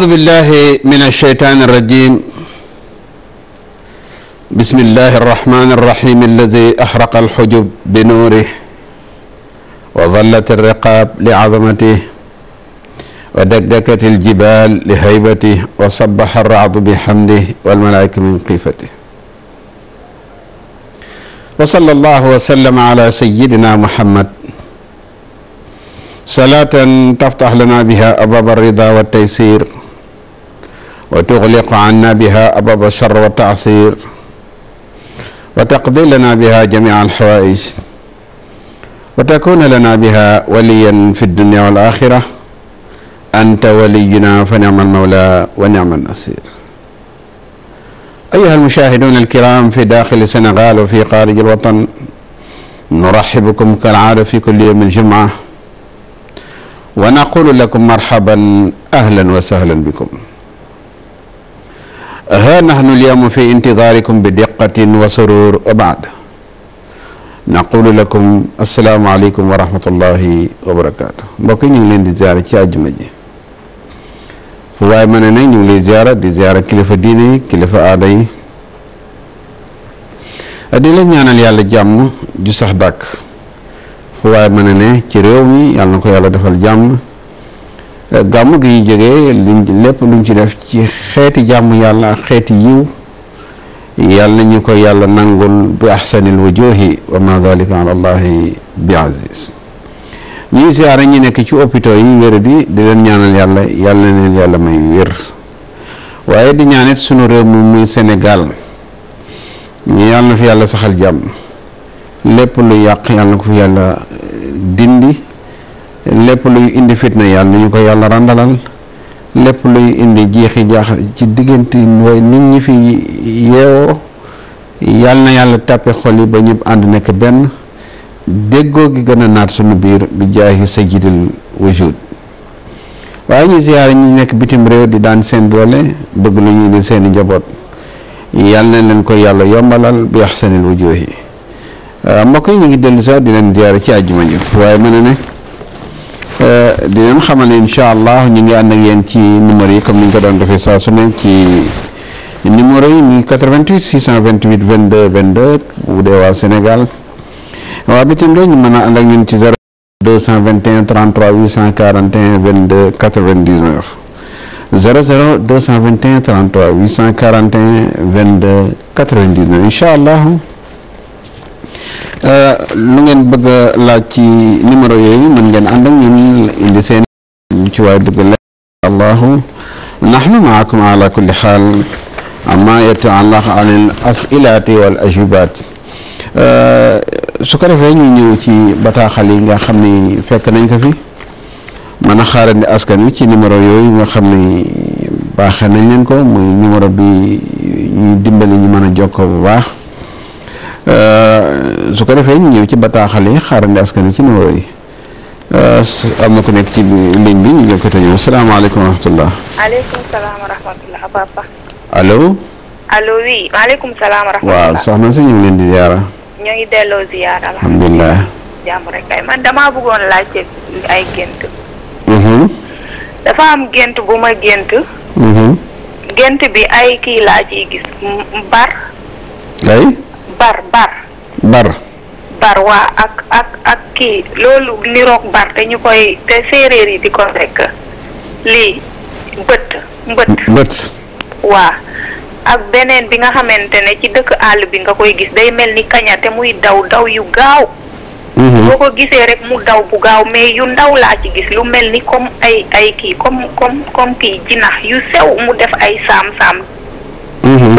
أعوذ بالله من الشيطان الرجيم بسم الله الرحمن الرحيم الذي أحرق الحجب بنوره وظلت الرقاب لعظمته ودكدكت الجبال لهيبته وصبح الرعد بحمده والملائكة من قيفته وصلى الله وسلم على سيدنا محمد صلاة تفتح لنا بها أبواب الرضا والتيسير wa tuxliqu anna biha ababa shar wa taasir wa taqdi lana biha jamia alxawaïj wa takuna lana biha waliyan fi dunia wal axira anta waliyuna fa nicma almawla wa nicma alnasir أيها المشاهدون الكرام في داخل السنغال وفي خارج الوطن نرحبكم كالعادة في كل يوم الجمعة ونقول لكم مرحبا أهلا وسهلا بكم ها نحن اليوم في انتظاركم بدقة وسرور وبعد نقول لكم السلام عليكم ورحمة الله وبركاته mbokk ñu ngi leen di ziyaara ci àjjuma ji fu waaye ma ne ñu ngi di ziyaara kilifa diine yi kilifa aada yi di ñaanal yàlla jàmm ju sax dàkk fu waaye ma ne ci réew mi yàlla na ko yàlla defal jàmm gàmm gi ñu jógee liñ lépp luñ ci def ci xeeti jàmm yàlla ak xeeti yiw yàlla ñu ko yàlla nangul bi ahsanil wujuhi wa ma dalika ala allahi ñuy siyaare ñi nekk ci hôpitaux yi wér di di leen ñaanal yàlla yàlla na leen yàlla may wér waaye di ñaanit sunu réew mi muy Sénégal ñu yàlla na fi yàlla saxal jàmm lépp lu yàq yàlla ko fi yàlla dindi lépp luy indi fitna yàlla ñu ko yàlla ràndalal lépp luy indi jeexi jaax ci diggante way nit ñi fi yeewoo yàlla na yàlla tàppe xol yi ba ñëpp ànd nekk benn déggoo gi gën a naat sunu biir bi jaahi sayyidil wujud waaye ñu ziyaare ñu nekk bitim réew di daan seen doole bëgg lu ñu di seeni njaboot yàlla na leen ko yàlla yombalal bi ahsanil wujuhi mbokk yi ñu ngi dellu si di leen ziyaare ci àjjuma ji waaye mën na ne di leen xamal ne incha allah ñu ngi ànd ak ci numéro yi comme ni ñu doon defee saa su ne ci numéro yi ñu 88 628 22 22 bu dee waa Sénégal waa bitim réew ñu mën a ànd ak ñun ci 0 221 33 cent 22 99 00 221 33 841 22 99 incha allah. Euh, lu ngeen bëgg laaj ci numéro yooyu mën ngeen ànd ak ñun indi seen lu ci waay bëgg la allahu nahnu maakum ala kulli xaal amma yataallaq an al asilati wal ajibat euh, su ko defee ñëw ci bataaxal yi nga xam ni fekk nañ ko fi mën a xaarandi askan wi ci numéro yooyu nga xam ni baaxee nañ leen ko muy numéro bi ñu dimbali ñu mën a jokkoo bu baax Euh, su ko defee ñëw ci bataaxal yi xaarandi askan wi ci numéro yi euh, am na ku nekk ci ligne bi ñu jël ko te ñëw salaamaaleykum wa rahmatulah. aleykum salaam wa allo. allo salaam waaw soxna si ñu leen di ziara. ñoo delloo ziara. alhamdulilah. jàmm rek kay man damaa bëggoon laajte ay gént. Mm-hmm. dafa am gént bu ma gént. Mm-hmm. gént bi ay kii laa ciy gis mbar. ay. bar bar. bar. waa ak ak ak kii loolu niroog bar te ñu koy te séeréer yi di ko rekk lii mbët mbët waa ak beneen bi nga xamante ne ci dëkk àll bi nga koy gis day mel ni kaña te muy daw daw yu gaaw mhm. boo ko gisee rek mu daw bu gaaw mais yu ndaw laa ci gis lu mel ni comme ay ay kii comme comme kii jinax yu sew mu def ay saam-saam mhm.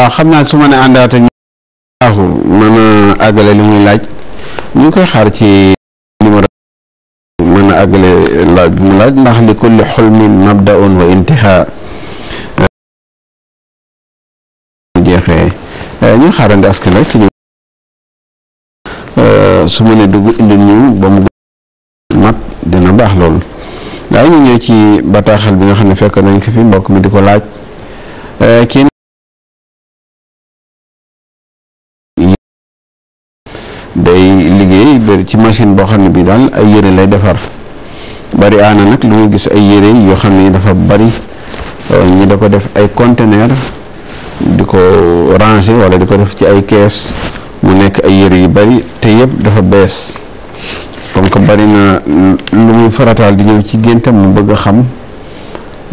waaw xam naa su ma ne àndaata ñu waaxu mën àggale li laaj ñu koy xaar ci numéro mën a àggale laaj mu laaj ndax li kulli xulmin mabdaun wa intiha ñu xaarandi askan rek ñu su ma ne dugg indi ñu ba mu mat dina baax loolu daa ñu ñëw ci bataaxal bi nga xam ne fekk nañ ko fi mbokk mi di ko laaj day liggéey bari ci machine boo xam ne bii daal ay yére lay defar bari aana nag lu nga gis ay yére yoo xam ne dafa bari euh, ñu da ko def ay conteneur di ko ranger walla di ko def ci ay kees mu nekk ay yére yu bari te yëpp dafa bees comme que bari na lu muy farataal di ñëw ci géntam mu bëgg a xam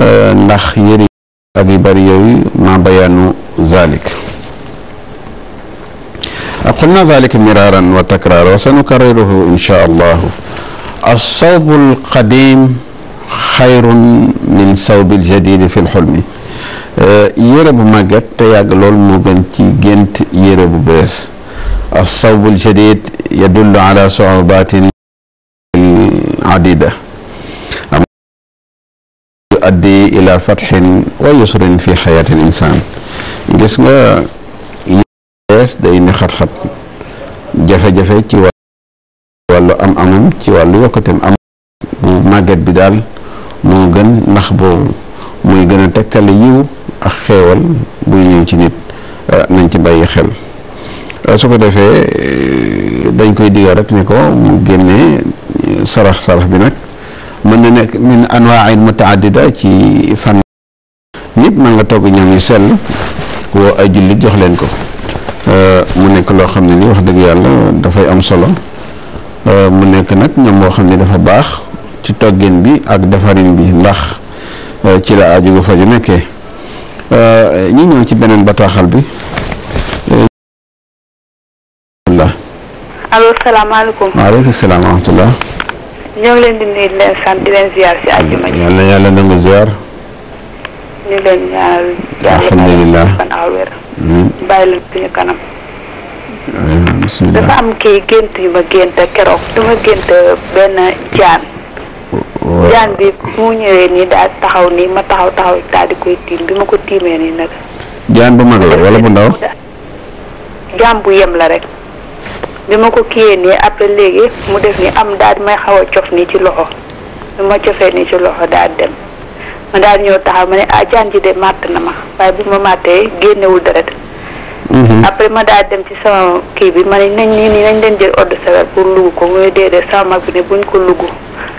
euh, ndax yére ak yu bari yooyu ma bayaanu zalik قلنا ذلك مرارا وتكرارا وسنكرره إن شاء الله الصوب القديم خير من صوب الجديد في الحلم yére bu màgget te yàgg lool moo gën ci gént yére bu bees الصوب الجديد يدل على صعوبات عديدة يؤدي إلى فتح ويسر في حياة الإنسان gis nga bees day indi xat-xat jafe-jafe ci wàllu am amam ci wàllu yokkateem am bu màgget bi daal moo gën ndax boobu muy gën a tegtale yiw ak xeewal buy ñëw ci nit eh, nañ ci bàyyi xel eh, su ko defee eh, dañ koy digal rek ne ko mu génnee sarax sarax bi nag mën na nekk min anwaain mutaaddida ci fan ñëpp mën nga togg ñam yu sell woo ay jullit jox leen ko Euh, mu nekk loo xam ne li wax dëgg yàlla dafay am solo euh, mu nekk nag ñam boo xam ne dafa baax ci toggin bi ak defarin bi ndax euh, ci la aju gu faju nekkee ñi ñëw ci beneen bataaxal bi allo salaamaaleykum waaleykum salaam wa rahmatulah leen di yàlla yàlla nangu ziar bàyyi leen suñu kanam. dafa am ki gént yu ma gént keroog dama gént benn jaan. jaan bi mu ñëwee nii daal taxaw nii ma taxaw taxaw daal di koy tiim bi ma ko tiimee nii nag. jaan bu mag la wala bu ndaw. jaan bu yem la rek. bi ma ko kiiyee nii après léegi mu def ni am daal di may xaw a cof nii ci loxo bi ma cofee nii ci loxo daal dem. ma daal ñëw taxaw ma ne ah jaan ji de màtt na ma waaye bu ma màttee génnewul deret mhm. après ma daal dem ci sama kii bi ma ne nañ nii nii nañ leen jël ordre pour lugg ko muy déedéet sama mag bi ne buñ ko lugg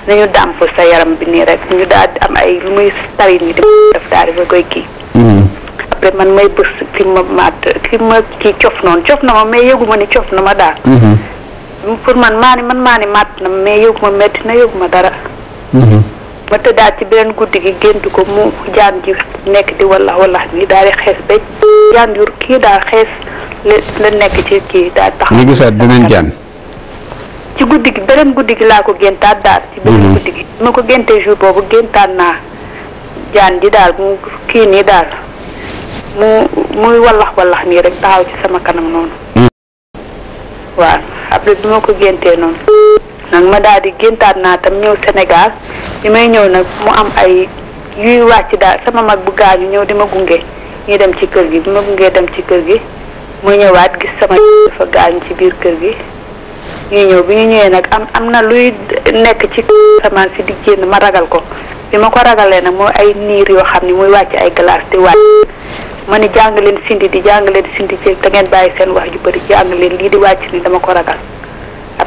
nañu dàmp sa yaram bi nii rek ñu daal am ay lu muy tari nii def daal di koy kii. Mhm. après man may bës ki ma màtt ki ma kii cof noonu cof na ma mais yëgu ma ni cof na ma daal. Mhm. pour man maa ni man maa ni màtt na mais yëgu ma métti na yëgu ma dara. ma daal ci beneen guddi gi gént ko mu jaan ji nekk di walla walla bi daal di xees ba jaan jur kii daal xees la nekk ci kii daal tax nga gisaat beneen jaan ci guddi gi beneen guddi gi laa ko géntaat daal ci beneen mhm. guddi gi ma ko génte jour boobu géntaat naa jaan ji daal mu kii nii daal mu muy wallax wallax nii rek taxaw ci sama kanam noonu mhm. waaw après bi ko génte noonu nag ma daal géntaat naa tam ñëw Sénégal bi may ñëw nag mu am ay yuy wàcc daal sama mag bu gaañu ñëw di ma gunge ñu dem ci kër gi bi ma gungee dem ci kër gi mu ñëwaat gis sama dafa gaañu ci biir kër gi ñuy ñëw bi ñu ñëwee nag am am na luy nekk ci samaan si di génn ma ragal ko bi ma ko ragalee nag moo ay niir yoo xam ne muy wàcc ay glace di wàcc ma ni jàng leen sindi di jàng leen sindi jéeg te ngeen bàyyi seen wax ju bëri jàng leen lii di wàcc ni dama ko ragal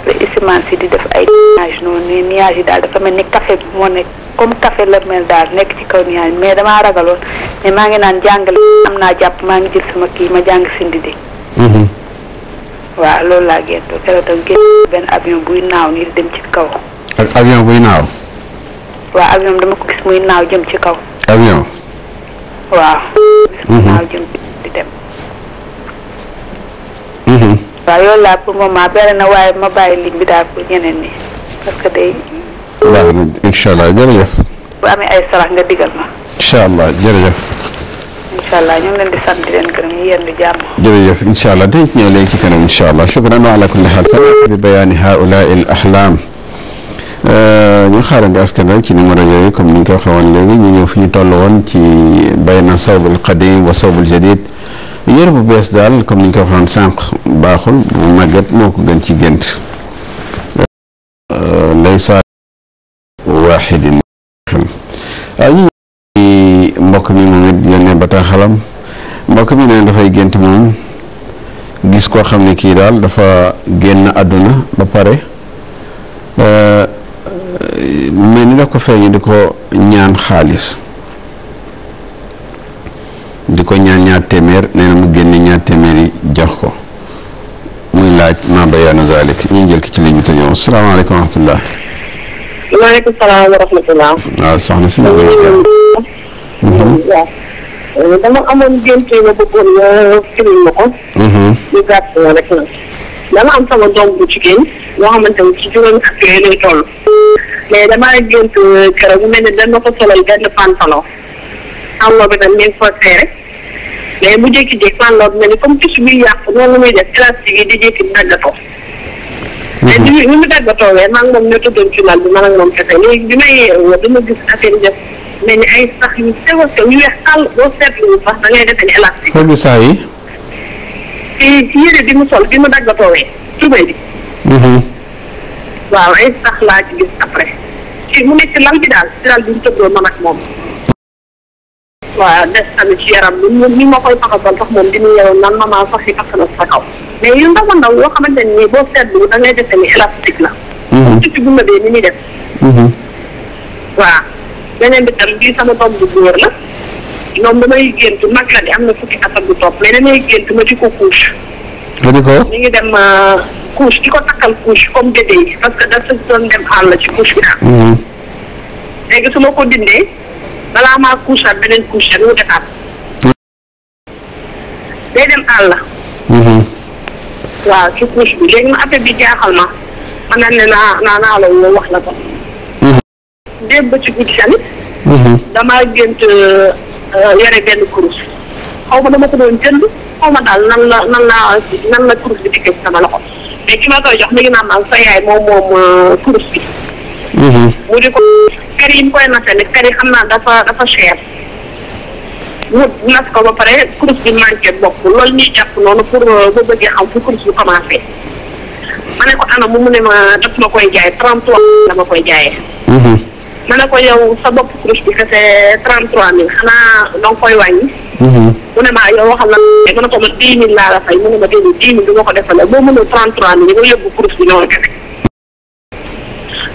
après asamaan si di def ay nuages noonu nii yi daal dafa mel ni café bi moo nekk comme café la mel daal nekk ci kaw nuage mais damaa ragaloon mais maa ngi naan jàngale am naa jàpp maa ngi jël sama kii ma jàng sindi di. Mhm. waaw loolu laa gëstu keroog tam génn benn avion buy naaw nii di dem ci kaw. avion buy naaw. waaw avion dama ko gis muy naaw jëm ci kaw. avion. waaw. gis mhm. muy naaw jëm di dem. Mhm. waaw yow laa pour moment bere na waaye ma bàyyi ligne bi daal pour ñeneen ñi parce que day. waaw incha allah jërëjëf. bu amee ay sarax nga digal ma. incha allah jërëjëf. incha allah ñu ngi leen di sant di leen gërëm ñu yendu jàmm. jërëjëf incha allah dañ ñëw léegi ci kanam incha allah shukran ala kulli xaal sa bi bayaani haulaa il ahlaam euh, ñu xaarandi askan rek ci numéro yooyu comme ni ñu ko waxee woon léegi ñu ñëw fi ñu toll woon ci bayna sawbul qadim wa sawbul jadid yére bu bees daal comme ni ñu ko waxoon sànq baaxul bu màggat moo ko gën ci gént laysa euh, waxidin xel ah, mbokk mi moom it yónnee bataaxalam mbokk mi ne dafay gént moom gis koo xam ne kii daal dafa génn àdduna ba pare euh, mel ni daf ko feeñu di ko ñaan xaalis di ko ñaan ñaar téeméer nee mu génne ñaar yi jox ko muy laaj ma bayaanu zalik ñu jël ki ci ligne te ñëw salaamaaleykum wa rahmatulah. maaleykum salaam si yow yaa mhm. mhm. dama amoon gént yi ma bëggoon mhm. am sama doom bu xamante ni ci juróomi at yooyu lay mais damaa gént keroog mu mel ne dama ko solal benn pantalon. am nga ko tamit mi ngi mais mu jékki-jékki man comme picc biy yàqu noonu la muy def élastique yi di jékki mu daggatoo. Mhm. mu daggatoo wee maa ngi moom ñoo tëddoon ci lal bi man ak moom kese léegi bi ni ay a sew yu weex tàll boo seetlu sax da bi mu sol bi mu daggatoo wee tubay bi. mu nekk lal bi man ak moom. waaw des tamit ci yaram bi ni ma koy faxasal sax moom dinu yow naan maman sax yi tax na sa kaw mais yu ndaw ndaw yoo xamante ni boo seetlu da ngay defee ni élastique la mhm. ci bu ma bee ni muy def mhm. waaw beneen bi tam bii sama doom bu góor la ñoom damay gént mag la di am na fukki atam bu topp mais damay gént ma di ko couche ma di ko ñu ngi dem euh, couche ki ko takkal couche comme bébé yi parce que dafa doon dem àll ci couche bi daal mhm. léegi su ma ko dindee balaa maa couchaat beneen couche nu mu defaat. day dem àll. Mhm. waaw ci couche bi léegi ma affaire bi jaaxal ma ma naan ne naa naa naa wax la ko. Mhm. démb ci guddi tamit. Mhm. damaa gént euh, euh, yore benn kurus. xaw ma dama ko doon jënd xaw ma daal nan la nan la nan la kurus bi dikkee sama loxo mais ki ma koy jox mi ngi naan sa yaay moom moom euh, kurus bi. mu di ko kër yi mu koy nase ne kër xam naa dafa dafa cher. mu nas ko ba pare course bi manqué bopp loolu ñuy jàpp noonu pour ba euh, bëggee xam fu course bi commencé ma ne ko ana mu ne ma daf ma koy jaay 33 la ma koy mhm. yow sa bopp course bi kese xanaa danga koy wàññi. Mhm. mu ne maa yow waxal la ma ne ko ma 10 000 laa la fay mu ne ma 10 000 du ma ko defalee boo mënul 33 mille nga yóbbu course bi noonu kese.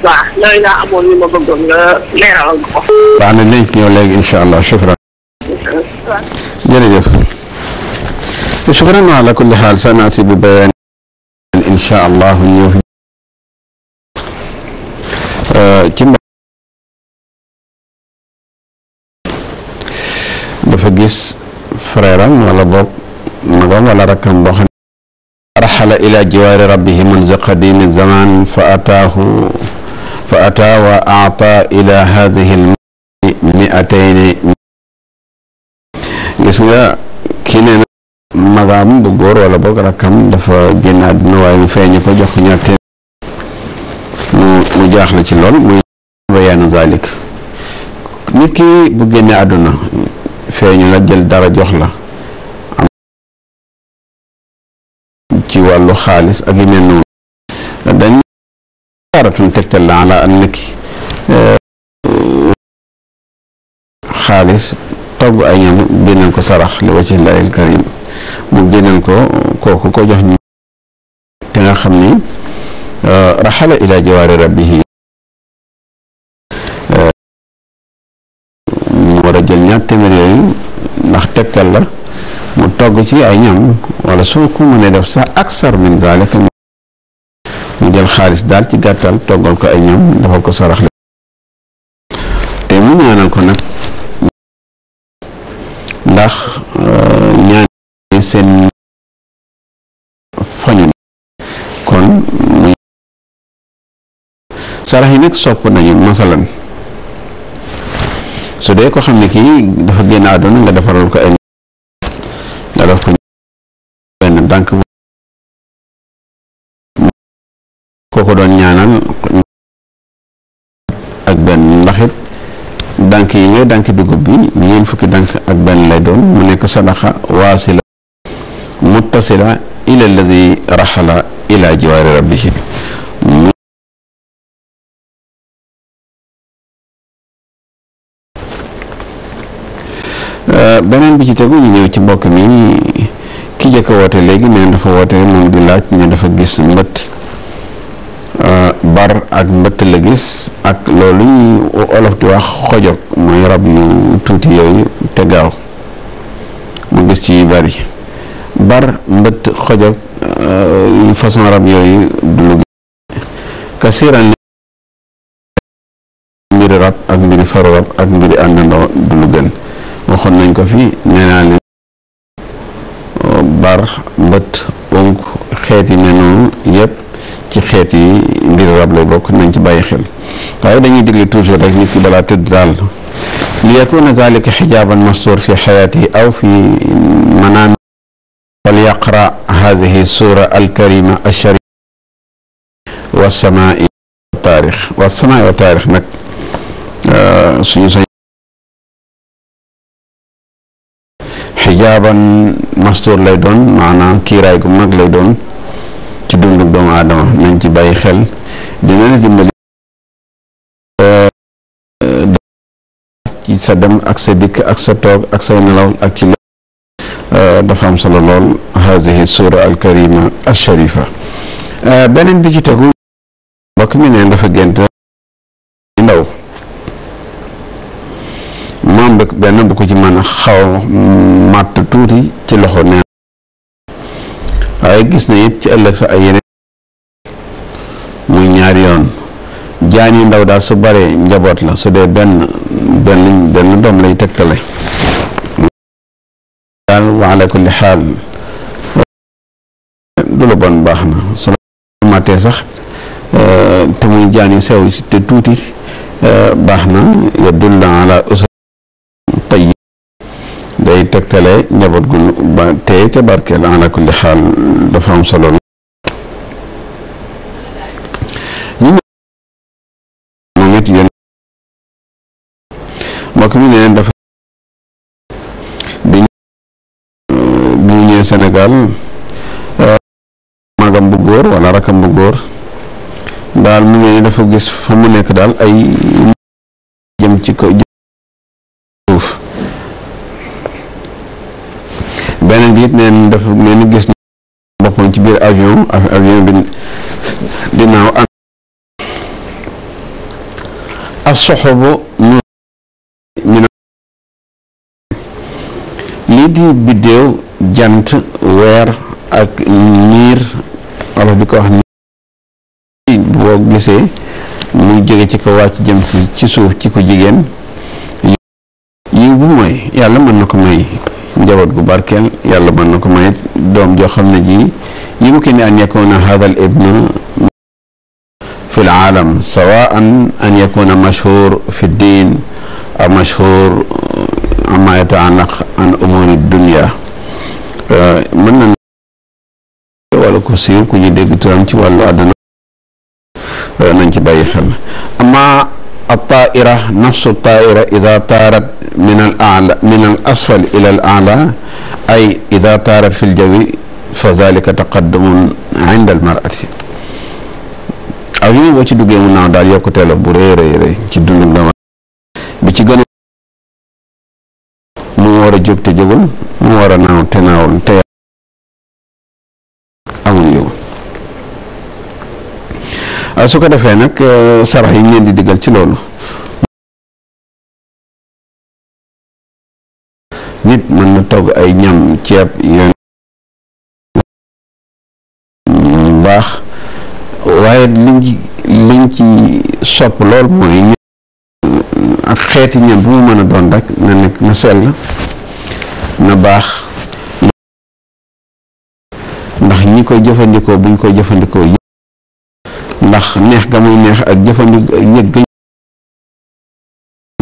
baax yooyu laa amoon ñu ma bëggoon nga leeralal ko. baax na dinañ ci ñëw léegi incha allah shukran. jërëjëf. shukran ala kulli xaal sanaati bi bayaan incha allah ñëw euh, ci mba dafa gis frère am wala boog magam wala rakkam boo xam raxala ila jiwaari rabbihi munza qadimi zaman fa ataahu fa ataa wa aata ila hadihi almali miatayni gis nga kii nee na bu góor wala boog rakkam dafa génn àdduna waaye mu feeñu ko jox ko ñaar téeméer mu mu jaaxle ci lool muy bayaanu zalik nit ki bu génne àdduna feeñu la jël dara jox la am ci wàllu xaalis ak yu mel noonu dañ isaaratun teg la ala an nekki eh, togg ay ñam génneel ko sarax li wajhi llaahil karim mu génneel ko kooku ko jox ñu te nga xam ni eh, raxala ila jawaari rabbihi eh, mu war a jël ñaar téeméer yooyu ndax mu togg ci ay ñam wala soo ko mënee def aksar min zaalika mu jël xaalis daal ci gàttal toggal ko ay ñam defal ko sarax mu ko nag ndax euh, ñaan kon muy sarax yi nag sopp nañu masalan su dee ko xam ne kii dafa génn àdduna nga defaral ko ay nga def ko benn dànk ko doon ñaanal benn ndax yi ñooy dugub bi ñeen ak benn lay mu nekk sadaxa waasila muttasila ila alladi euh, beneen bi ci tegu ñu ñëw ci mbokk mi ki jëkk woote léegi neen dafa woote moom di laaj ne dafa gis mbët Euh, bar ak mbëtt la gis ak loolu ñuy olof di wax xojog mooy rab yu tuuti yooyu te gaaw mu gis ci yu bari bar mbëtt xojog euh, yu façon rab yooyu du lu gis kasiran li mbiri rab ak mbiri faru rab ak mbiri àndandoo du lu gën waxoon nañ ko fi nee naa leen euh, bar mbëtt onk xeeti mel noonu yépp ci xeet yi mbir rab lay bokk nañ ci bàyyi xel waaye dañuy digle toujours rek nit ki balaa tëdd daal li yakuna zalika xijaaban mastur fi xayaatihi aw fi manaam fal yaqra hadihi sura alkarima asharifa wasamai wa taarix wasamai wa taarix nag euh, suñu sañ xijaaban mastur lay doon maanaam kiiraay gu mag lay doon ci dundu doomu aadama nañ ci bàyyi xel dina la dimbali ci sa dem ak sa dikk ak sa toog ak say nelaw ak ci dafa am solo lool hazihi sura al karima al sharifa beneen bi ci tegu mbokk mi ne dafa gént ndaw maam benn bu ko ci mën a xaw màtt tuuti ci loxo neen waaye gis na it ci ëllëg sa ay yeneen muy ñaari yoon jaan ndaw daal su baree njaboot la su dee benn benn benn doom lay tegtale daal wa ala kulli xaal du bon baax na su la sax eh, te muy jaan yu sew te tuuti eh, baax na yadul la ala tegtalee njaboot gu ba tey te barkeel dafa am ñu ñëwee Sénégal euh, magam bu góor wala rakam bu góor daal mu ne dafa gis fa mu nekk daal ay jëm ci ko it neen dafa neen gis boppam ci biir avion avion bi dinaaw am as soxobo lii di biddéew jant weer ak niir wala di ko wax ni boo gisee muy jóge ci ko wàcc jëm si ci suuf ci ko jigéen yi bu mooy yàlla mën na ko may njaboot gu barkeel yàlla mën na ko mayit doom joo xam ne ji yumkin an yakuna hada al ibnu fi l aalam sawaan an yakuna mashhur fi ddin aw mashhur amma yataanaq an umuri dunia mën na wala ku siiw ku ñu dégg turam ci wàllu àdduna nañ ci bàyyi xel amma taaira nafsu taaira ida taarat min al ala min al asfal ila al ay ida taarat fi al marati avion boo ci duggee mu naaw ci dundu dama bi ci gën a mu war a jóg te jógul mu war a naaw te naawul te amul yow su ko defee nag sarax yi ngeen di diggal ci loolu ñam ceeb yooyu baax waaye liñ ci liñ ci sopp lool mooy ak xeeti ñam bu mu mën a doon rek na nekk na sell na baax ndax ñi koy jëfandikoo buñ koy jëfandikoo ndax neex ga muy neex ak jëfandik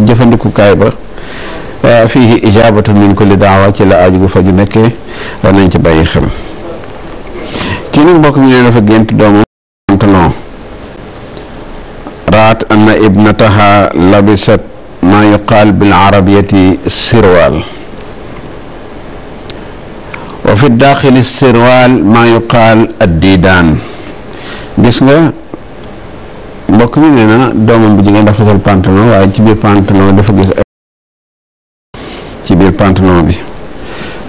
jëfandikukaay ba fiihi ijaabatu min kulli daawa ci la aaju gu faju nekkee war nañ ci bàyyi xel kii nag mbokk mi ne dafa gént doomam pantalon raat anna ibnataha labisat maa yuqaal bil arabiyati sirwaal wa fi daaxili sirwaal maa yuqaal addiidaan gis nga mbokk mi nee na doomam bu jigéen dafa sol pantalon waaye ci biir pantalon dafa gis biir pantalon bi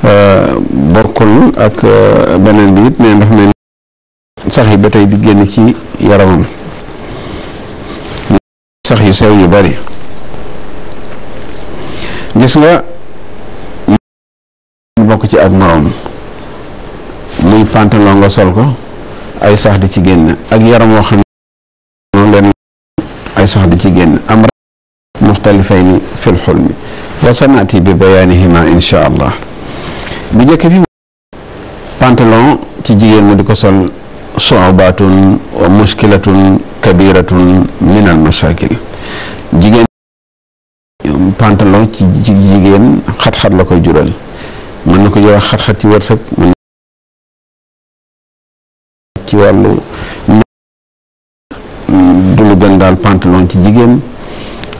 euh, bokkul ak euh, beneen bi it ne dafa sax yi ba tey di génn ci yaramam sax yu sew yu bari gis nga mu bokk ci ak moroom muy pantalon nga sol ko ay sax di ci génn ak yaram xam ne ay sax di ci génn am muxtalifay ni fil xulmi wa sanaati bi bayaanihima insha allah bu njëkk bi pantalon ci jigéen mu di ko sol suubatun wa mushkilatun kabiratun min jigéen pantalon ci jigéen xat-xat la koy jural mën na ko jëwa xat-xat ci wërsëg mën ci wàllu du lu gën daal pantalon ci jigéen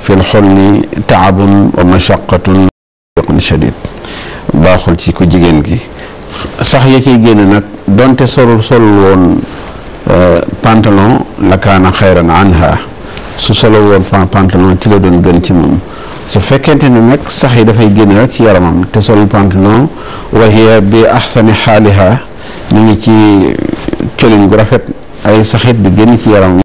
fi lxulli taabun wa mashaqatun yoqun shadid baaxul ci jigéen gi sax yi cay génn nag donte solul solul woon euh, pantalon la kaana xayran anha su solo woon fan pantalon ci la doon gën ci moom su fekkente ne nag sax yi dafay génn rek ci yaramam te solul pantalon wa hiya bi axsani xaaliha ñu ngi ci colin gu rafet ay saxit di génn ci yaramam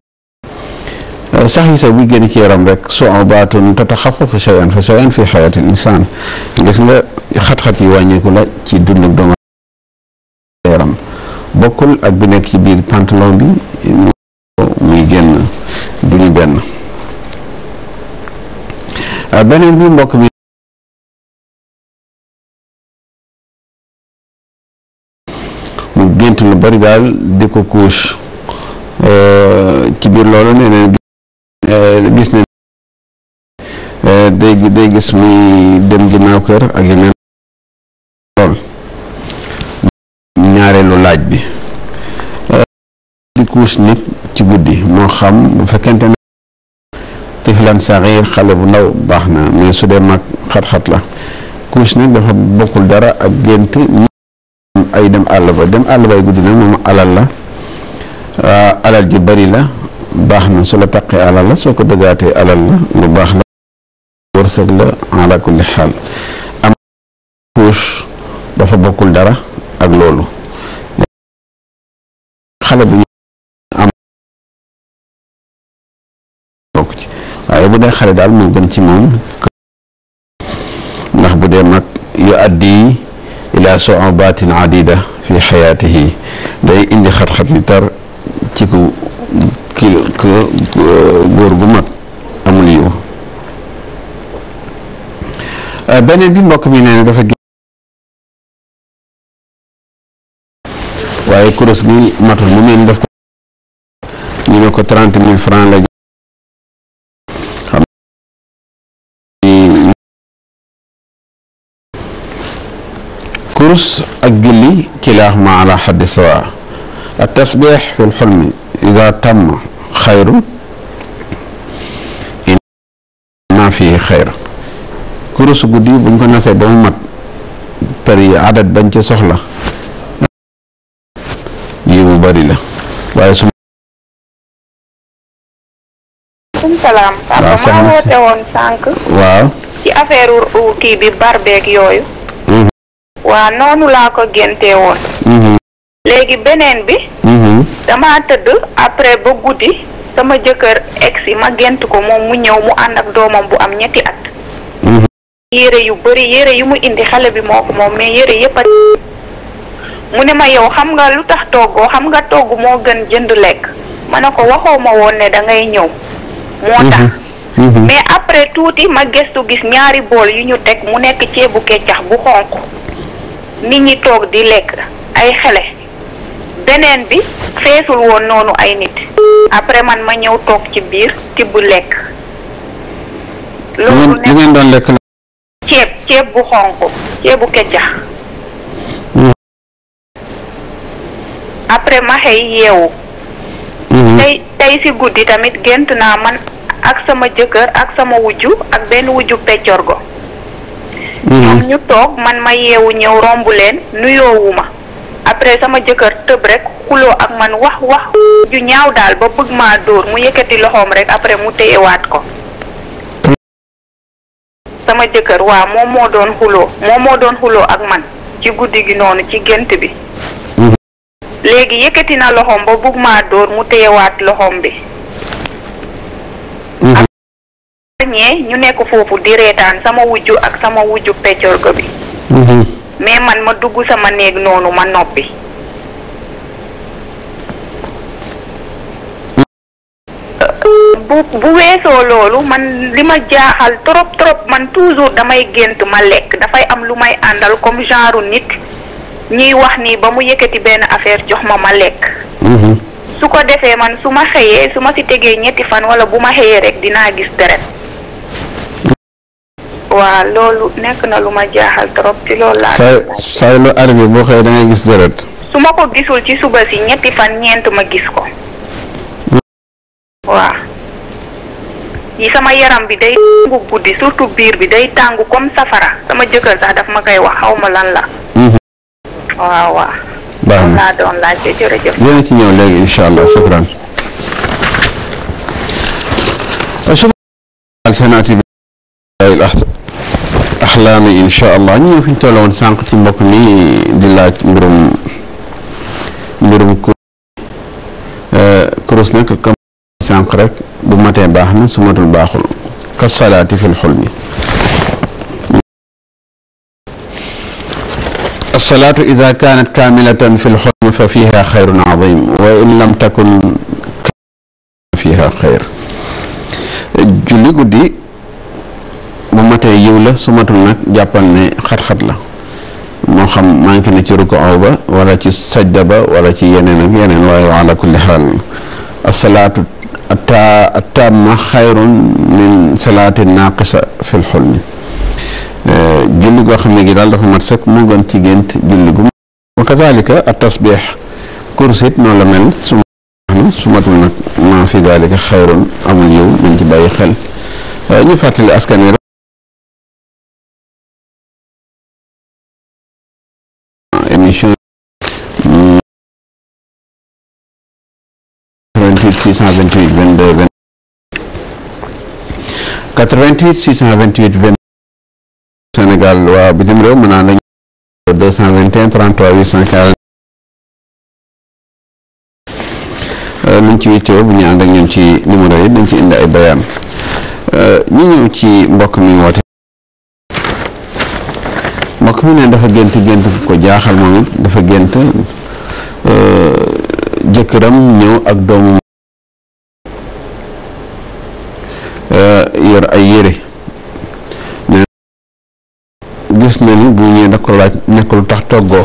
sax yi sax bu génn ci yaram rek soo am baatun tataxafafu shay'an fa shay'an fi xayaati insaan gis nga xat-xat yi wàññeeku la ci dundu doomu yaram bokkul ak bi nekk ci biir pantalon bi muy génn du ñu benn ah, beneen bi mbokk mi mu gént lu bari daal di ko couche eh, ci biir loolu nee Eh, gis ne day gis muy dem ginnaaw kër ak yu mel ñaareelu laaj bi eh, di nit ci guddi moo xam bu fekkente ne tiflan saxiir xale bu ndaw baax na mais su dee mag xat-xat la couche nag dafa bokkul dara ak gént ay dem àll ba dem àll bay guddi nag moom alal la ah, alal ju bari la baax na su la taqee alal la soo ko dëggaatee alal la lu baax la wërsëg la ala kulli xaal am couche dafa bokkul dara ak loolu xale bu am bokk ci waaye bu dee xale daal moo gën ci moom ndax bu dee mag yu addi ila soabatin adida fi xayaatihi day indi xat-xat yu tar ci ku kii que euh, góor gu mag amul yiw euh, beneen bi mbokk mi nee na dafa waaye kurus gi matul mu mel daf ko ñu ne ko trente mille francs la xam kurus ak julli kilaax ma ala xaddi sawa التسبيح في الحلم إذا تم خير إنما فيه خير kurus guddi buñ ko nasee ba mu mat peri adat bañ ci soxla yi bu bari la waaye su woote woon sànq waaw ci affaire kii bi barbeek yooyu mm-hmm. waaw noonu laa ko géntee woon mm-hmm. léegi beneen bi. Mhm. damaa tëdd après ba guddi sama jëkkër ex yi ma gént ko moom mu ñëw mu ànd ak doomam bu am ñetti at. Mhm. yére yu bëri yére yu mu indi xale bi moo ko moom mais yére yëpp a. mu ne ma yow xam nga lu tax toggoo xam nga togg moo gën jënd lekk ma ne ko waxoo ma woon ne dangay ñëw. moo tax. Mhm. mais après tuuti ma gëstu gis ñaari bool yu ñu teg mu nekk ceebu keccax bu xonq ni ñi toog di lekk ay xele beneen bi feesul woon noonu ay nit après man ma ñëw toog ci biir tibb lekk loolu lu ceeb ceeb bu xonq ceebu keccax mm. après ma xëy yeewu mm-hmm. tey tey ci guddi tamit gént naa man ak sama jëkkër ak sama wujju ak benn wujju peccorgo mm-hmm. ñoom ñu toog man ma yeewu ñëw romb leen nuyoowuma après sama jëkkër tëb rek xuloo ak man wax wax ju ñaaw daal ba bëgg maa dóor mu yëkkati loxoom rek après mu téyewaat ko sama jëkkër waa moom moo doon xuloo moom moo doon xuloo ak man ci guddi gi noonu ci gént bi léegi yëkkati na loxoom ba bëgg maa dóor mu téyewaat loxoom bi ñee ñu nekk foofu di reetaan sama wujju ak sama wujju peccorgo bi mais man ma dugg sama néeg noonu ma noppi. bu bu weesoo loolu man li ma jaaxal trop trop man toujours damay gént ma lekk dafay am lu may àndal comme genre nit ñuy wax nii ba mu yëkkati benn affaire jox ma ma lekk. Mm-hmm. su ko defee man su ma xëyee su ma ci tegee ñetti fan wala bu ma xëyee rek dinaa gis deret. waaw loolu nekk na lu ma jaaxal trop ci loolu laa. saa saa lu arrivé boo xëyee da gis deret. su ma ko gisul ci suba si ñetti fan ñeent ma gis ko. waaw. yi sama yaram bi day tàngu guddi surtout biir bi day tàngu comme safara sama jëkkër sax daf ma koy wax xaw ma lan la. waaw mhm. waaw. baax na laa doon laajte jërëjëf. yéen ci ñëw léegi incha allah shukran. seen axlaami incha allah ñu ngi fi ñu tolloon sànq ci mbokk mi di laaj mbirum mbirum eh, kurus nag comme sànq rek bu matee baax na su matul baaxul ka salaati fil xulmi asalaatu ida kaanat kaamilatan fi lxulmi fa fiha xayrun azim wa in lam takun fiha xayr julli guddi la su matul nag jàppal ne xat-xat la moo xam manqué na ci rukoo ba wala ci sajda ba wala ci yeneen ak yeneen waaye wa ala kulli xaal asalaatu atta attaamma xayrun min salaati naaqisa fi lxulmi julli goo xam ne gi daal dafa mat sëkk moo gën ci gént julli gu wa kazalika a tasbix kursit noonu la mel su su nag ma fi dalika xayrun amul yow nañ ci bàyyi xel ñu fàttali askan wi 88 628 22 22 88 628 22 Sénégal waa bitim réew mën naa lañu 221 33 840 nuñ ci wittoo bu ñu ànd ak ñoom ci numéro yi dañ ci indi ay bayaan euh, ñi ñëw ci mbokk mi woote mbokk mi ne dafa gént gént ko jaaxal moom it dafa gént euh, jëkkëram ñëw ak doomu yor ay yére gis na ni bu ñëwee ko laaj nekk lu tax toggoo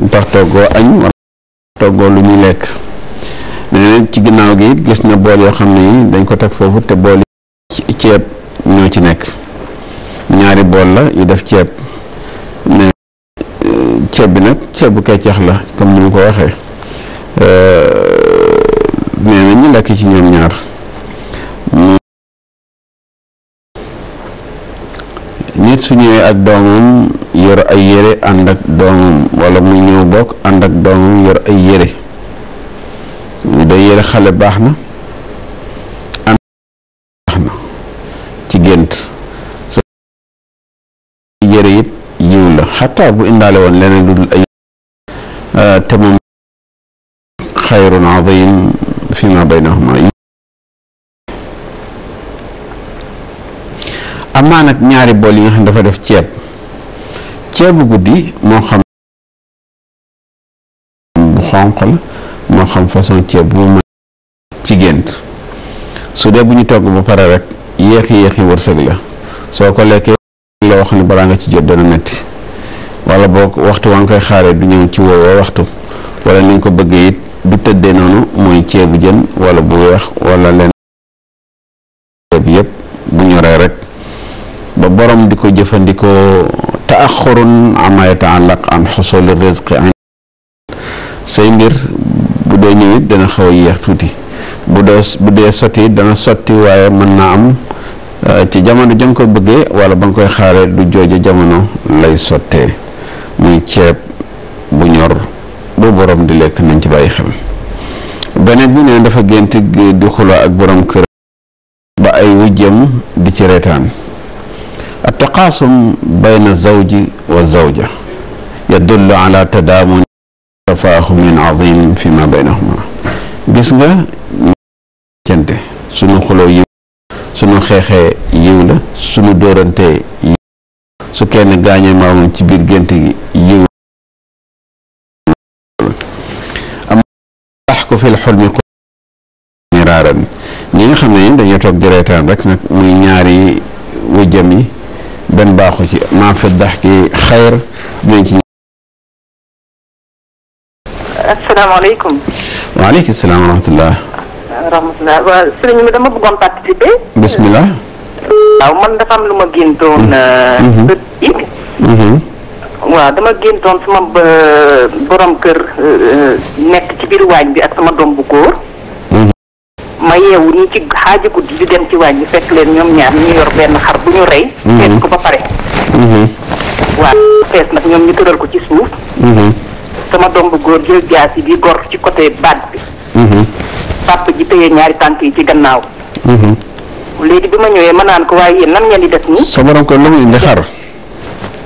lu tax toggoo añ wala toggoo lu ñuy lekk neneen ci ginnaaw gi gis na bool yoo xam ne dañ ko teg foofu te bool yi ceeb ñoo ci nekk ñaari bool la yu def ceeb ne eh, ceeb bi nag ceebu keccax la comme ni mu ko waxee nee na ñu lekk ci ñoom ñaar nit su ñëwee ak doomam yor ay yére ànd ak doomam wala mu ñëw bokk ànd ak doomam yor ay yére ñu day yére xale baax na ànd baax na ci gént so yére it yiw la xataa bu indaale woon leneen lu dul ay te moom xayrun azim fi ma baynahuma amaa nag ñaari bool yi nga xam dafa def ceeb ceebu guddi moo xam bu xonq la moo xam façon ceeb bu mu ci gént su dee bu ñu togg bu pare rek yéexi yéexi wërsëg la soo ko lekkee la wax ne balaa nga ci jot dana metti wala boo waxtu waa nga koy xaaree du ñëw ci woowoo waxtu wala ni nga ko bëggee it du tëddee noonu mooy ceebu jën wala bu weex wala leen ceeb yépp ba di ko jëfandikoo taaxurun ama yataallaq an xusuli rizqi an say mbir bu dee ñëw dana xaw a tuuti bu dee bu dee sotti dana sotti waaye mën na am euh, ci jamono ja nga ko bëggee wala ba nga koy xaaree du jooje jamono lay sottee muy ceeb bu ñor bu borom di lekk nañ ci bàyyi xel beneen bi ne dafa gént di xuloo ak boroom kër ba ay wujjam di ci reetaan التقاسم بين الزوج والزوجة يدل على تداوم تفاهم عظيم فيما بينهما gis nga cante sunu xuloo yiw sunu xeexee yiw la sunu dóorante su kenn gaañee maamam ci biir gént gi yiw am tax ko fil xol mi ko miraaran nga xam ne dañoo toog di reetaan rek nag muy ñaari wujjam yi benn baaxu ci maa fi dax ki xayr dinañ ci. asalaamaaleykum. waaleykum salaam wa rahmatulah. rahmatulah waaw sëriñ mi dama bëggoon participer. bisimilah. waaw man dafa am lu ma géntoon. Mm-hmm. Euh, mm-hmm. bët yi. Mm-hmm. waaw dama géntoon sama euh, borom kër euh, nekk ci biir waañ bi ak sama doom bu góor. ma yeewu nii ci xaaji guddi di dem ci waañ bi fekk leen ñoom ñaar ñu yor benn xar bu ñu rey. Mhm. fees ko ba pare. Mhm. waaw fees nag ñoom ñu tëral ko ci suuf. Mhm. sama doom góor jël jaas yi di gor ci côté baat bi. papa ji téye ñaari tànk yi ci gannaaw. léegi bi ma ñëwee ma naan ko waaye yéen nan ngeen di def nii. sa borom ko lu muy indi xar.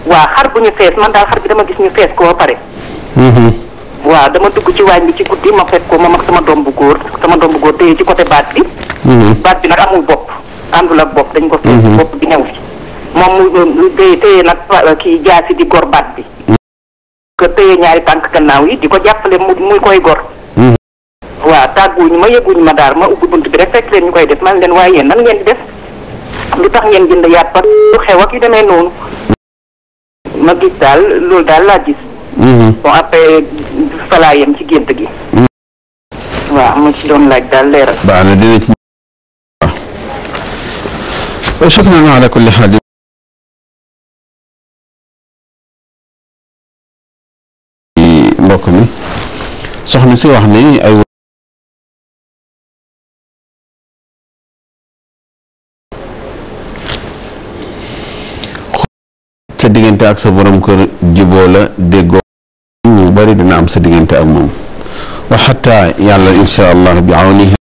waa xar bu ñu fees man daal xar bi dama gis ñu fees ko ba pare. waaw dama dugg ci waañ bi ci guddi ma fekk ko moom ak sama doom bu góor sama doom bu góor téye ci côté baat bi. Mhm. baat bi nag amul bopp àndul ak bopp dañ ko fekk mhm. bopp bi new fi moom euh, mu téye téye nag euh, kii jaasi di gor baat bi. que mhm. téye ñaari tànk gannaaw yi di ko jàppale mu muy koy gor. waaw tàgguñu ma yëguñu ma daal ma ubbi bunt bi rek fekk leen ñu koy def man leen waaye yéen nan ngeen di def lu tax ngeen jënd yàpp ak lu xew ak yu demee noonu. ma gis daal loolu daal laa Mhm. bon après falaa yem ci gént gi. waaw mu ci doon laaj daal leeral. baax na dina ci. waaw. shukran ala kulli xaal. mbokk mi soxna si wax ni ay. sa diggante ak sa borom kër juboo la déggoo. bari dina am sa diggante ak moom wa xataa yàlla insha allah bi awnihi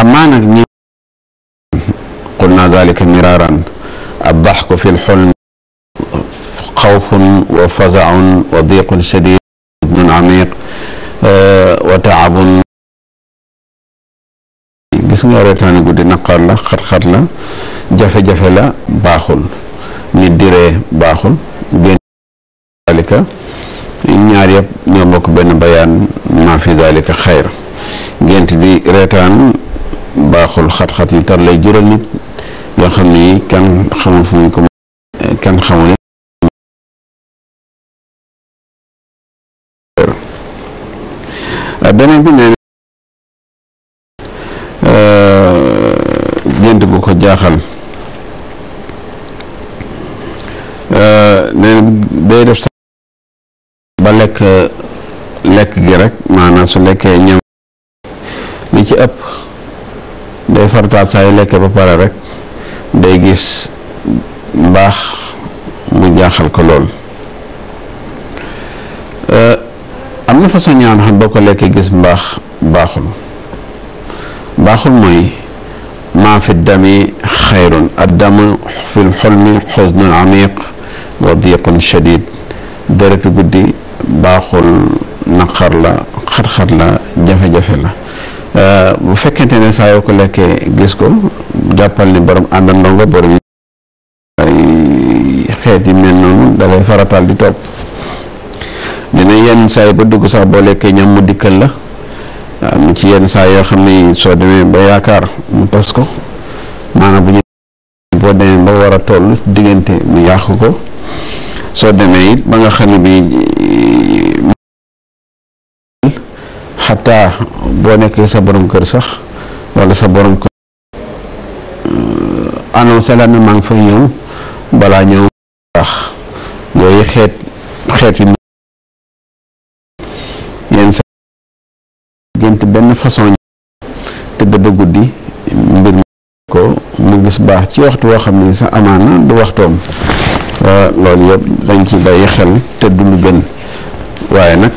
amaa nag ñi qulna dalika miraaran addaxku fi lxulm xawfun wa fazacun wa diqun shadid ibnun amiq wa tacabun gis nga reetaani guddi naqar la xat-xat la jafe-jafe la baaxul nit diree baaxul génn dalika ñaar yëpp ñoo bokk benn bayaan maa fi dalika xayr gént di reetaan baaxul xat-xat yu tar lay jural nit yoo xam ni kan xamul fu ñu ko kan xamul beneen bi nee lekk lekk gi rek su lekkee ñam ci ëpp day fartaat saa ba pare rek day gis mbaax mu jaaxal ko lool eh, am na façon ñaan xam boo ko lekkee gis mbaax baaxul baaxul mooy maa fi dami xayrun addamu fi lxulmi xusnun amiq wa diqun shadid deretu guddi baaxul naqar la xat-xat la jafe-jafe la euh, bu fekkente ne saa yoo ko lekkee gis ko jàppal ni borom àndandoo la borom yi xeet yi mel noonu dalay farataal di topp dina yenn saa yi ba dugg sax boo lekkee ñam mu dikkal la am ci yenn saa yoo xam ne soo demee ba yaakaar mu tas ko maanaam bu ñu boo demee ba war a toll diggante mu yàq ko soo demee it ba nga xam ne bii xataa boo nekkee sa boroom kër sax walla sa borom kër euh, annoncé la ne maa ñëw balaa ñëw baax yooyu xeet xeet yu yenn sa gént benn façon te ba guddi mbir ko mu gis baax ci waxtu woo xam ne sa amaana du waxtoom Ah, loolu yëpp dañ ci bàyyi xel te du lu gën waaye nag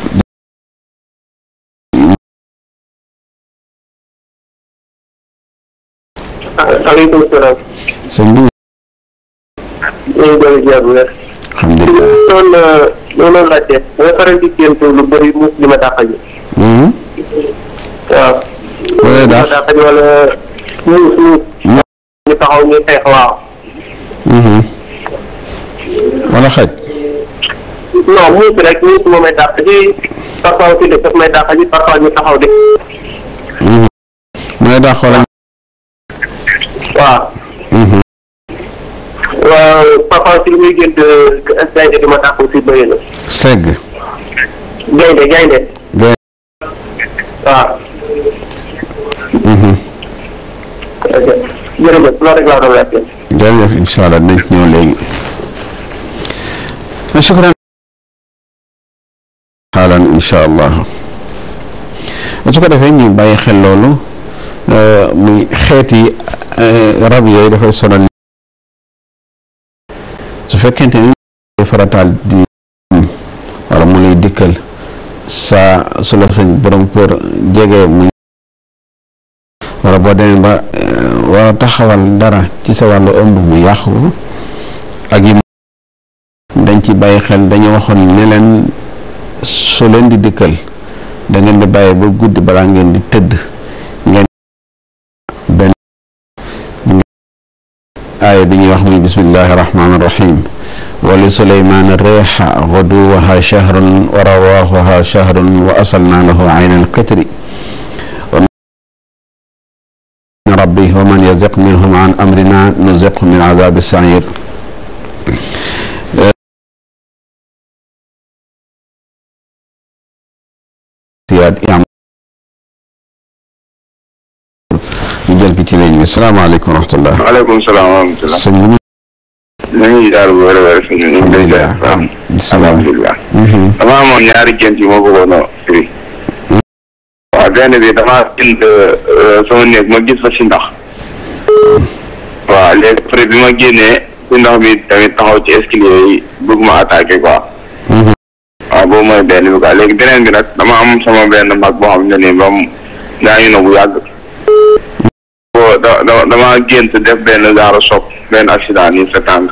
aleykum salaam sëñ bi ñu gën a jaar bu wér alhamdulilah noonu noonu laajte mooy faral di gént lu bëri mu li ma dàqal ji hmm? waaw wala daal dàqal ji wala ñu ñu ñu taxaw ñu xeex waaw hmm, hmm. mën a xaj. non muus rek muus moo may dàq ji parfois aussi daf may dàq ji parfois ñu taxaw de. mooy mhm. dàq wala. waaw. Mhm. waaw parfois aussi li muy gën gaynde di ma dàq aussi bëri na. segg. gaynde gaynde. waaw. Mhm. ok jërëjëf loolu rek laa doon laajte. jërëjëf shukran xaalaan incha allah su ko defee ñu bàyyi xel loolu muy xeeti rab yooyu dafay sonal fekkente ni farataal di wala mu lay dikkal saa su la sëñ borom kër jege mu wala boo demee ba war taxawal dara ci sa wàllu ëmb mu yàqu ak yi nañ ci bàyyi xel dañu waxoon ne leen su leen di dëkkal da ngeen di bàyyi ba guddi balaa ngeen di tëdd ngeen benn aaya bi ñuy wax muy bismillahi rahmaani rahim wa li suleymaana reexa guduwaha shahrun wa rawaaxuha shahrun wa asalnaa lahu ayna alqitri rabbi wa man yaziq minhum an amrina nuziqhu min azaabi sair ihtiyaat am ñu jël ki ci ligne bi salaamaaleykum wa rahmatullah waaleykum salaam wa rahmatullah sëñ bi ñu ngi daal bu wér a wér sëñ bi ñu ngi lay leer am alhamdulilah dama amoon ñaari gént yi moo bëggoon a firi mhm. waaw benn bi dama gént euh, sama néeg ma gis fa si ndax waaw léegi après bi ma génnee si ndax bi tamit taxaw ci escalier yi bëgg ma attaqué quoi waaw boobu mooy benn bi quoi léegi beneen bi nag dama am sama benn mag boo xam ne nii moom gaañu na bu yàgg. boo da da damaa gént def benn genre soog benn accident nii sa tànk.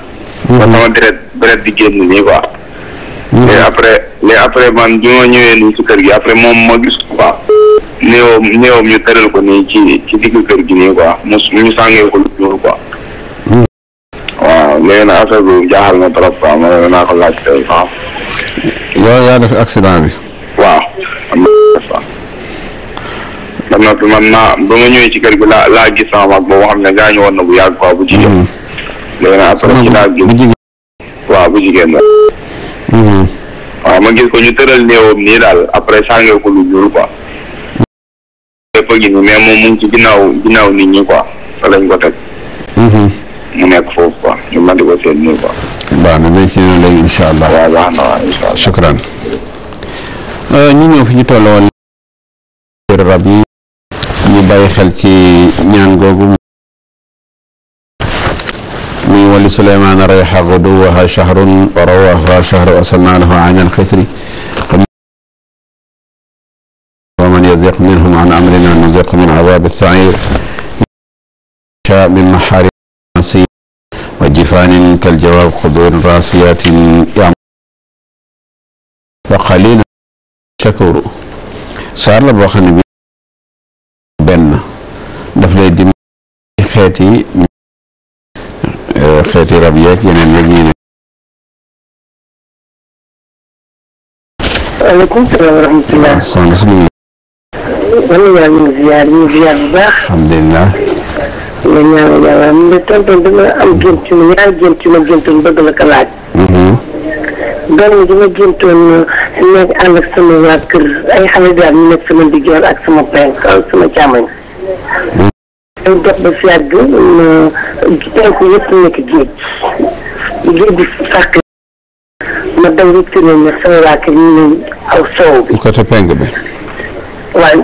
Mhm. ba sama deret deret di génn nii quoi. Mhm. mais après mais après man bi ma ñëwee nii si kër gi après moom ma gis quoi. néewam néewam ñu tëral ko nii ci ci diggu kër gi nii quoi mu ñu sàngee ko lu ñuul quoi. Mhm. waaw léegi nag affaire bi jaaxal na trop quoi ma naa ko laaj tey yow yaa def accident bi. waaw. man nag man naa ba ma ñëwee ci kër gi laa laa gis sama mag boobu xam ne gaañu woon na bu yàgg quoi bu jigéen. Hmm. léegi nag après ci laa gis. bu jigéen la. Hmm. waaw ma gis ko ñu tëral néewam nii daal après sàngee ko lu ñuul quoi. a gi nii mais moom ci ginnaaw ginnaaw nit ñi quoi fa lañ ko teg. Hmm. mu nekk foofu quoi ñu di ko seen nii quoi. baax na léegi ci na léegi incha allah waaw baax na waaw incha allah shukran euh, ñu ñëw fi ñu toll woon rab yi ñu bàyyi xel ci ñaan googu muy wali suleymaan rayxa guduwaha shahrun wa rawaha shahru wasalnaalahu an alxitri wa man yaziq minhum an amrina nuziq min azab alsair kal jawaab xudurun raasiyatin wa qalilun shakuru saar la boo xam ne bi benn daf lay dim xeeti xeeti rab yeeg yeneen yeeg yeneen aleykum salaam wa rahmatullah soxna si ñu ngi ziar ñu ziar bu baax alhamdulillah nga ñaanal yàlla mu ne tonton dama am gént ci ma ñaari gént ci ma géntoon bëgg la ko laaj. benn mm-hmm. ma géntoon nekk ànd ak sama waa kër ay xale daal ñu nekk sama ndijoor ak sama penk ak sama càmmoñ. ñu dox ba si yàgg ma penku yëpp bi sàkk ma daw yëpp si ne sama waa kër ñu ne aw soow bi. bi. waaw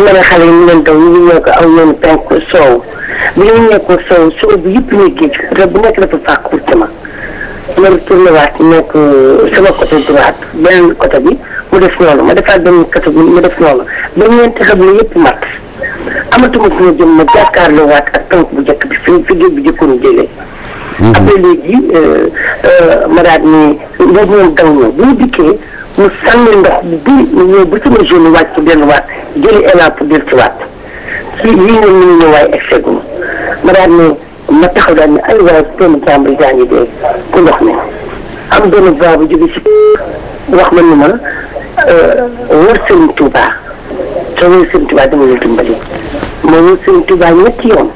ma ne xale yi ñu leen daw ñu ngi ñëw ko aw yoon penk soow bu ñu nekkoo soow soow bi yëpp ñuy géej te bu nekk dafa fàq pour ci ma loolu tourné waat nekk euh, sama côté droite beneen côté bi mu def noonu ma defaat benn côté bi mu def noonu ba ñeenti xam ma jëm ma jàkkaarloo waat ak penk bu njëkk bi fi fi géej bi jëkkoon jëlee. Mhm. après euh, euh, mu dikkee. mu sànni ndox bu bëri mu ñëw ba sama jeune wàcc pour delluwaat jëli élan pour dellusiwaat ci lii ñoom ñu ngi ñëwaay egg seegul ma daal ne ma taxaw daal ne ay waay benn jàmbur jaa ngi dee ku ndox mi am benn voix bu jóge ci wax ma ni ma euh, wër Sëriñ Tuuba te wër Sëriñ Tuuba dama la dimbali ma wër Sëriñ Tuuba ñetti yoon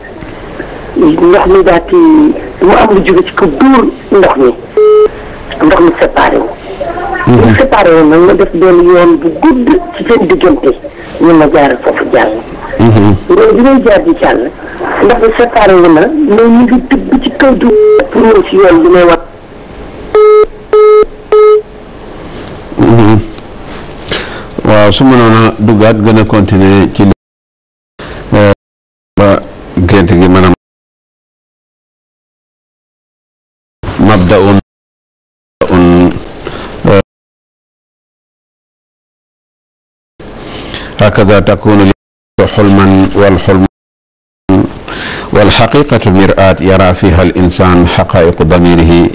ndox mi daal di mu am lu jóge ci ko dóor ndox mi ndox mi séparé wu. ñu mm-hmm. séparé woon nag nga def benn yoon bu gudd ci seen diggante ñu ma jaar foofu jàll. Mm-hmm. loolu bi may jaar di jàll ndax séparé wu na mais ñu tibb ci kaw du may wax. Mm-hmm. waaw su mënoon a duggaat gën a continuer ci li euh, ba gént gi maanaam hakada takunu li xulman wal xulman wal xaqiqatu miraat yara fiha al insan xaqaiqu damirihi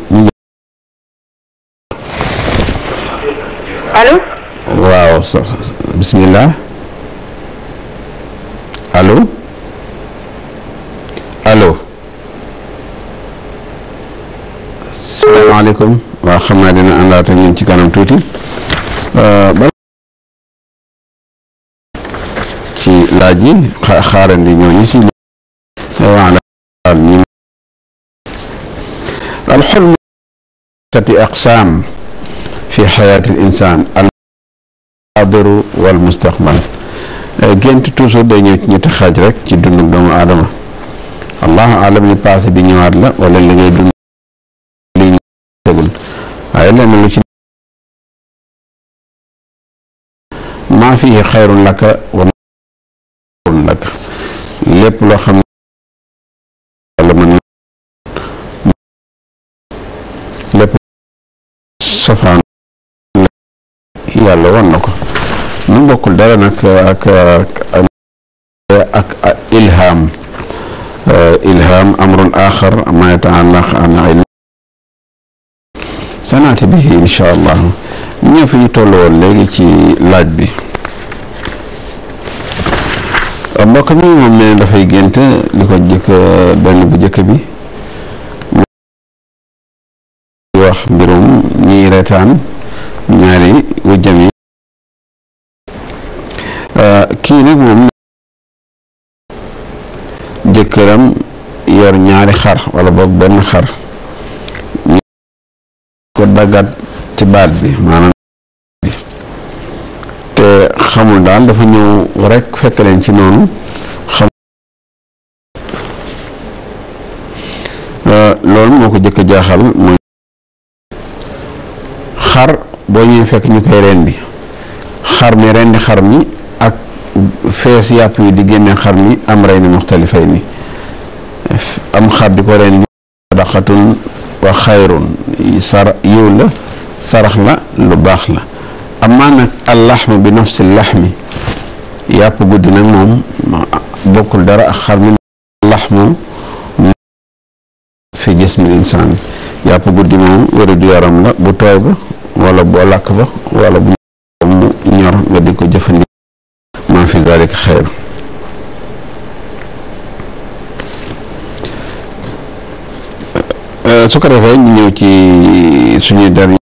allo waaw bismillah allo allo salaamaaleykum waaw xam naa dina àndaata ñun ci kanam tuuti laaj yi xaarandi ñooñu ci li alxulm sati aqsaam fi xayaati l insaan al xaadiru wal mustaqbal gént toujours day ñëw ci ñetti xaaj rek ci dundu doomu aadama allahu alam li passé di ñëwaat la wala li ngay dund li ñëwagul waaye lenn lu ci maa fihi xayrun laka wa lépp loo xam ne yàlla mën lépp safaan yàlla wan na ko mu bokkul dara ak ak ak ilham ilham axar ma yataallaq an ilm sanaati bihi incha allah ñëw fi ñu toll woon léegi ci laaj bi Euh, mbokk mi moom nee dafay gént li ko jëkk euh, benn bu jëkk bi wax mbirum ñiy reetaan ñaari euh, moom jëkkëram yor ñaari xar wala boog benn xar ñu ko daggat ci baat bi maanaam xamul daal dafa ñëw rek fekk leen ci noonu xam euh, loolu moo ko jëkk jaaxal mooy xar boo ñuy fekk ñu koy rendi xar mi rendi xar mi ak fees yàpp yi di génne xar mi am rey ni muxtalifay ni am xar di ko rendi sadaqatun wa xayrun sar yiw la sarax la lu baax la amaa nag allaxmi bi nafsi laxmi yàpp guddi nag moom bokkul dara ak xar mi laxmu fi jismil insaan yàpp guddi moom wéradu yaram la bu tooy ba wala boo lakk ba wala bu mu ñor nga di ko jëfandikoo maa fi zaalika xeyr su ko defee ñu ñëw ci suñuy der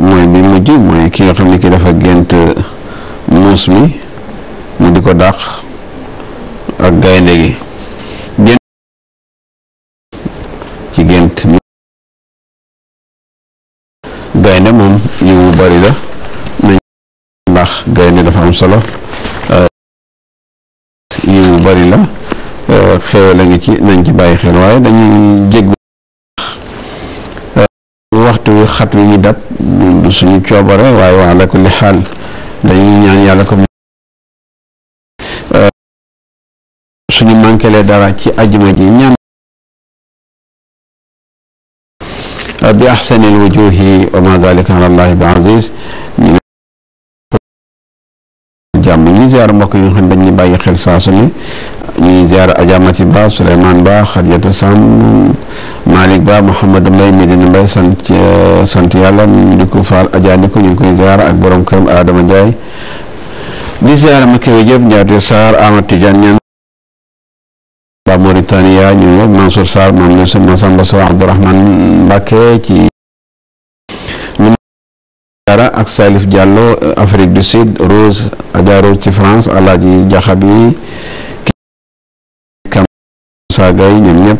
mooy bi mujj mooy ki nga xam ne ki dafa gént muus mi mu di ko dàq ak gaynde gi gént ci gént gaynde moom yiwu bari la nañ ndax gaynde dafa am solo yiwu bari la xéwal la ngi ci nañ ci bàyyi xel waaye dañuy jégg waxtu wi xat wi ñu dab suñu coobare waaye waa ala kulli xaal dañuy ñaan yàlla ko euh, suñu manquele dara ci ajuma ji ñaan euh, bi axsani alwujuhi wa ma zalika ala allahi bi aziz ñu jàmm ñi mbokk yi nga xam dañuy bàyyi xel saa su ñu ngi ziar Adjamati Ba Souleymane Ba Khadijata Sam Malick Ba Mouhamadou Mbaye Medina Mbaye sant euh, sant yàlla Ndiku Fall Adja Ndiku ñu koy ziar ak borom këram Adama Ndiaye di ziar Makewe Diop Ndiaye Sarr Amath Tidiane Niang ba Mauritania ñu ngi Mansour Sarr Mame Youssou Massamba Sow Abdourahmane Mbacké ci dara ak Salif Diallo Afrique du Sud Rose Adja Rose ci France Alaaji Jaxabi Moustapha Gaye ñoom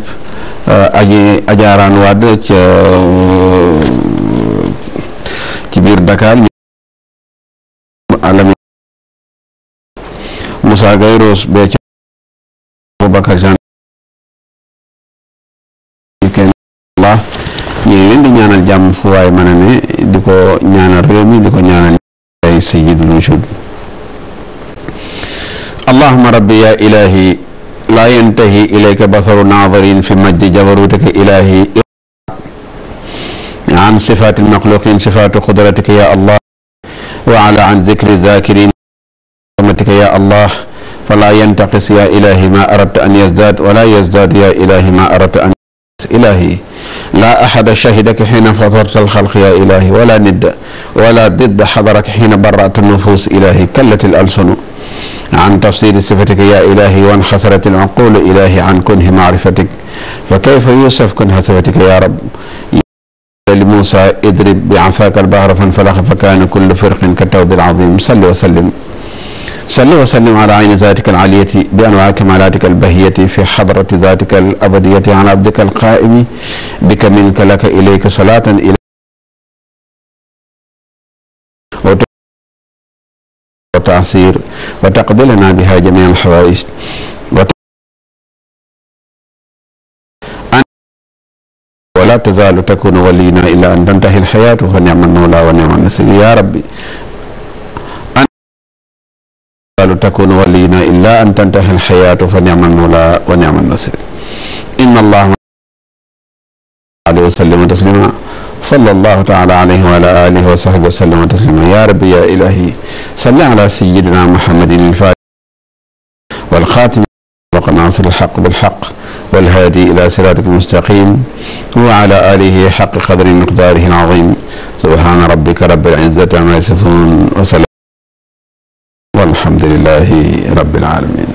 leen di ñaanal jàmm fu waay mën di ko ñaanal réew mi di ko ñaanal ay sayyidul wujud allahumma rabbi ya ilahi laa yantahi ilayka basaru naadirin fi majdi jabarutika ilahi an sifati almaxluqin sifatu qudratika ya allah wa ala an zikri zakirin rahmatika ya allah fala yantaqis ya ilahi ma aradta an yazdad wala yazdad ya ilahi ma aradta an إلهي لا أحد شهدك حين فطرت الخلق يا إلهي ولا ند ولا ضد حضرك حين برأت النفوس إلهي كلت الألسن an tafsiri sifatika yaa ilahi wan xasarat alcuqulu ilahi an kunhi macrifatik fa kayfa yusaf kunha sifatika yaa rab li Muusa idrib bi asaaka albahra fanfalaxa fa kaana kullu firqin ka tawdi alazim salli wa sallim salli wa sallim ala ayni zatika alaliyati bi anwaa kamalatika albahiyati fi xadrati zatika alabadiyati ala abdika alqaimi bika minka laka ilayka salatan وتعصير وتقضي لنا بها جميع الحوائج ولا تزال تكون ولينا إلى أن تنتهي الحياة فنعم المولى ونعم النصير يا ربي أن تكون ولينا إلا أن تنتهي الحياة فنعم المولى ونعم النصير إن الله عليه وسلم تسليما sallallahu taala alayhi wa ala alihi wa sahbihi wa sallama taslima ya rabbi ya ilahi salli ala sayidina muhammadin alfaatihi والخاتم ناصر الحق بالحق والهادي إلى صراطك المستقيم وعلى آله حق قدر مقداره العظيم سبحان ربك رب العزة عما يصفون وسلام والحمد لله رب العالمين